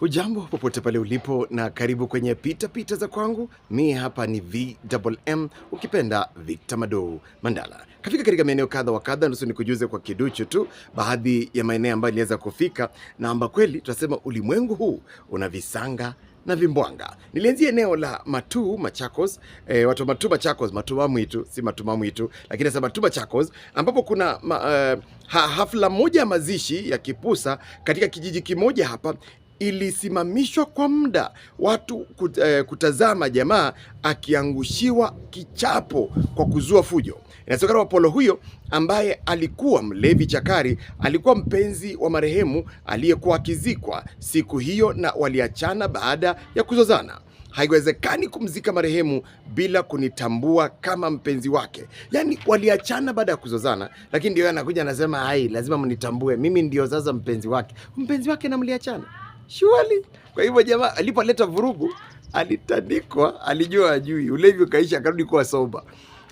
Hujambo popote pale ulipo na karibu kwenye pita pita za kwangu. Mi hapa ni VMM, ukipenda Victor Madou Mandala. Kafika katika maeneo kadha wa kadha, nusu kujuze kwa kiduchu tu baadhi ya maeneo ambayo niliweza kufika na amba kweli tunasema ulimwengu huu una visanga na vimbwanga. Nilianzia eneo la Matu Machakos, e, watu Matu Machakos, Matuba Mwitu, si Matuma Mwitu, lakini sasa Matu Machakos ambapo kuna ma, uh, hafla moja ya mazishi ya kipusa katika kijiji kimoja hapa ilisimamishwa kwa muda watu eh, kutazama jamaa akiangushiwa kichapo kwa kuzua fujo. Inasemekana Apollo huyo ambaye alikuwa mlevi chakari alikuwa mpenzi wa marehemu aliyekuwa akizikwa siku hiyo, na waliachana baada ya kuzozana. Haiwezekani kumzika marehemu bila kunitambua kama mpenzi wake. Yaani waliachana baada ya kuzozana, lakini ndio anakuja anasema, ai, lazima mnitambue mimi ndio sasa mpenzi wake. Mpenzi wake na mliachana Surely. Kwa hivyo jamaa alipoleta vurugu alitandikwa, alijua ajui, ulevi ukaisha, akarudi kuwa soba.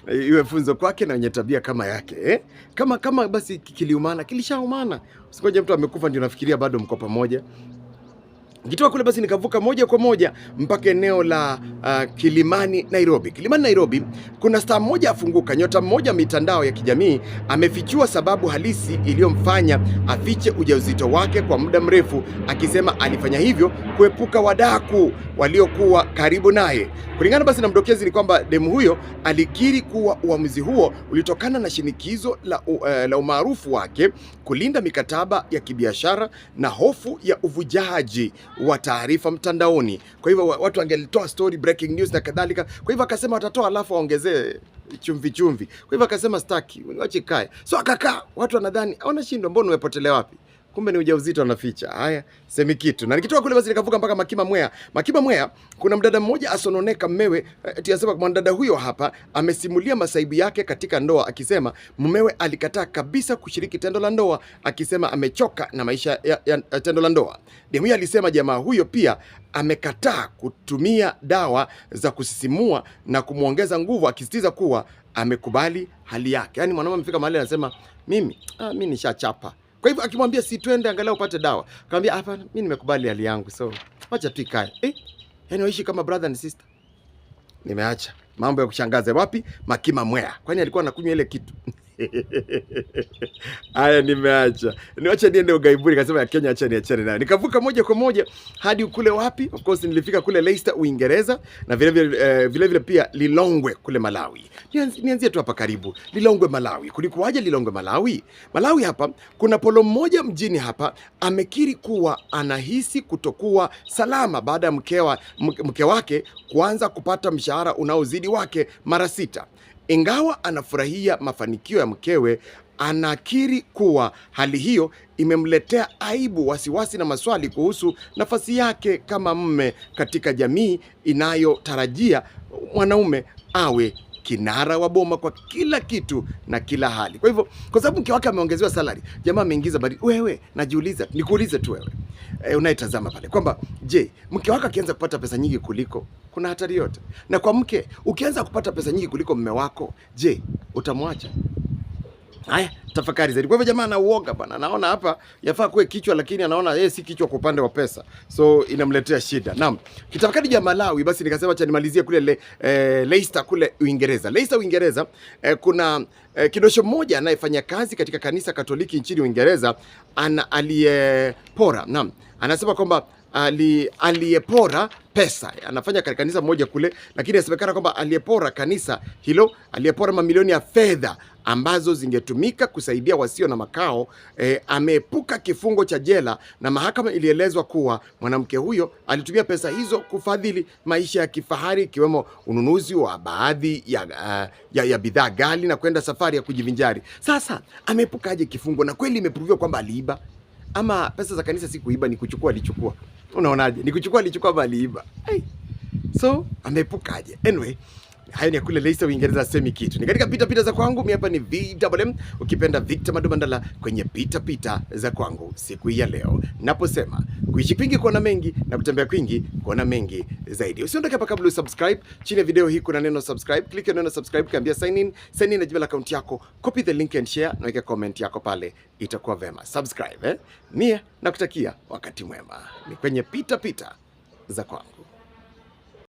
E, iwe funzo kwake na wenye tabia kama yake eh? Kama kama basi kiliumana kilishaumana. Usingoje mtu amekufa ndio nafikiria bado mko pamoja. Nikitoka kule basi nikavuka moja kwa moja mpaka eneo la uh, Kilimani Nairobi. Kilimani Nairobi kuna staa mmoja afunguka, nyota mmoja mitandao ya kijamii amefichua sababu halisi iliyomfanya afiche ujauzito wake kwa muda mrefu, akisema alifanya hivyo kuepuka wadaku waliokuwa karibu naye. Kulingana basi na mdokezi ni kwamba demu huyo alikiri kuwa uamuzi huo ulitokana na shinikizo la, uh, la umaarufu wake, kulinda mikataba ya kibiashara na hofu ya uvujaji wa taarifa mtandaoni. Kwa hivyo watu wangelitoa story, breaking news na kadhalika. Kwa hivyo akasema watatoa, alafu waongezee chumvi chumvi. Kwa hivyo akasema staki, wache kae. So akakaa, watu wanadhani anashindwa, mbona umepotelea wapi? kumbe ni ujauzito anaficha. Haya, semi kitu na nikitoka kule basi nikavuka mpaka Makima Mwea. Makima Mwea kuna mdada mmoja asononeka mmewe, eh, eti anasema kwa mdada huyo hapa amesimulia masaibu yake katika ndoa, akisema mumewe alikataa kabisa kushiriki tendo la ndoa, akisema amechoka na maisha ya, ya, ya tendo la ndoa. Demu alisema jamaa huyo pia amekataa kutumia dawa za kusisimua na kumwongeza nguvu, akisitiza kuwa amekubali hali yake. Yaani mwanaume amefika mahali anasema mimi ah, mimi nishachapa kwa hivyo akimwambia si twende angalau upate dawa, akamwambia hapa, mimi nimekubali hali yangu, so wacha tu ikae. Eh, yani waishi kama brother and sister. Nimeacha mambo ya kushangaza. Wapi Makima Mwea? Kwani alikuwa anakunywa ile kitu? Haya, nimeacha niwacha niende ugaibuni. Kasema ya Kenya, acha niachane nayo. Nikavuka moja kwa moja hadi kule wapi? Of course nilifika kule Leicester, Uingereza, na vile vile, eh, vile vile pia Lilongwe kule Malawi. Nianzie tu hapa karibu Lilongwe, Malawi. Kulikuwaje Lilongwe, Malawi? Malawi hapa kuna polo mmoja mjini hapa amekiri kuwa anahisi kutokuwa salama baada ya mke wake kuanza kupata mshahara unaozidi wake mara sita. Ingawa anafurahia mafanikio ya mkewe, anakiri kuwa hali hiyo imemletea aibu, wasiwasi na maswali kuhusu nafasi yake kama mme katika jamii inayotarajia mwanaume awe kinara wa boma kwa kila kitu na kila hali. Kwa hivyo, kwa sababu mke wake ameongezewa salary, jamaa ameingiza bali. Wewe najiuliza, nikuulize tu wewe e, unaitazama pale kwamba je, mke wako akianza kupata pesa nyingi kuliko, kuna hatari yote. Na kwa mke ukianza kupata pesa nyingi kuliko mme wako, je, utamwacha? Haya, tafakari zaidi. Kwa hivyo jamaa anauoga bwana, anaona hapa yafaa kuwe kichwa, lakini anaona yeye si kichwa kwa upande wa pesa, so inamletea shida. Naam, kitafakari ya Malawi. Basi nikasema acha nimalizie kule le, e, Leicester kule Uingereza. Leicester Uingereza, e, kuna e, kidosho mmoja anayefanya kazi katika kanisa Katoliki nchini Uingereza ana aliyepora. Naam, anasema kwamba ali, aliyepora pesa anafanya kanisa moja kule, lakini inasemekana kwamba aliyepora kanisa hilo, aliyepora mamilioni ya fedha ambazo zingetumika kusaidia wasio na makao e, ameepuka kifungo cha jela, na mahakama ilielezwa kuwa mwanamke huyo alitumia pesa hizo kufadhili maisha ya kifahari ikiwemo ununuzi wa baadhi ya, uh, ya, ya bidhaa ghali na kwenda safari ya kujivinjari. Sasa ameepukaje kifungo? Na kweli imeproviwa kwamba aliiba ama pesa za kanisa si kuiba, ni kuchukua. Alichukua, unaonaje? Ni kuchukua, alichukua ama aliiba? So ameepukaje? anyway hayo ni kule Leicester Uingereza, semi kitu. Ni katika pita pita za kwangu, mi hapa ni VMM, ukipenda Victor Mandala kwenye pita pita za kwangu siku hii ya leo, naposema kuishi kwingi kuona mengi na kutembea kwingi kuona mengi zaidi. Usiondoke hapa kabla usubscribe. Chini ya video hii kuna neno subscribe, click neno subscribe, kaambia sign in, sign in na jibu la account yako, copy the link and share na weka comment yako pale, itakuwa vema. Subscribe eh? Mie nakutakia wakati mwema, ni kwenye pita pita za kwangu.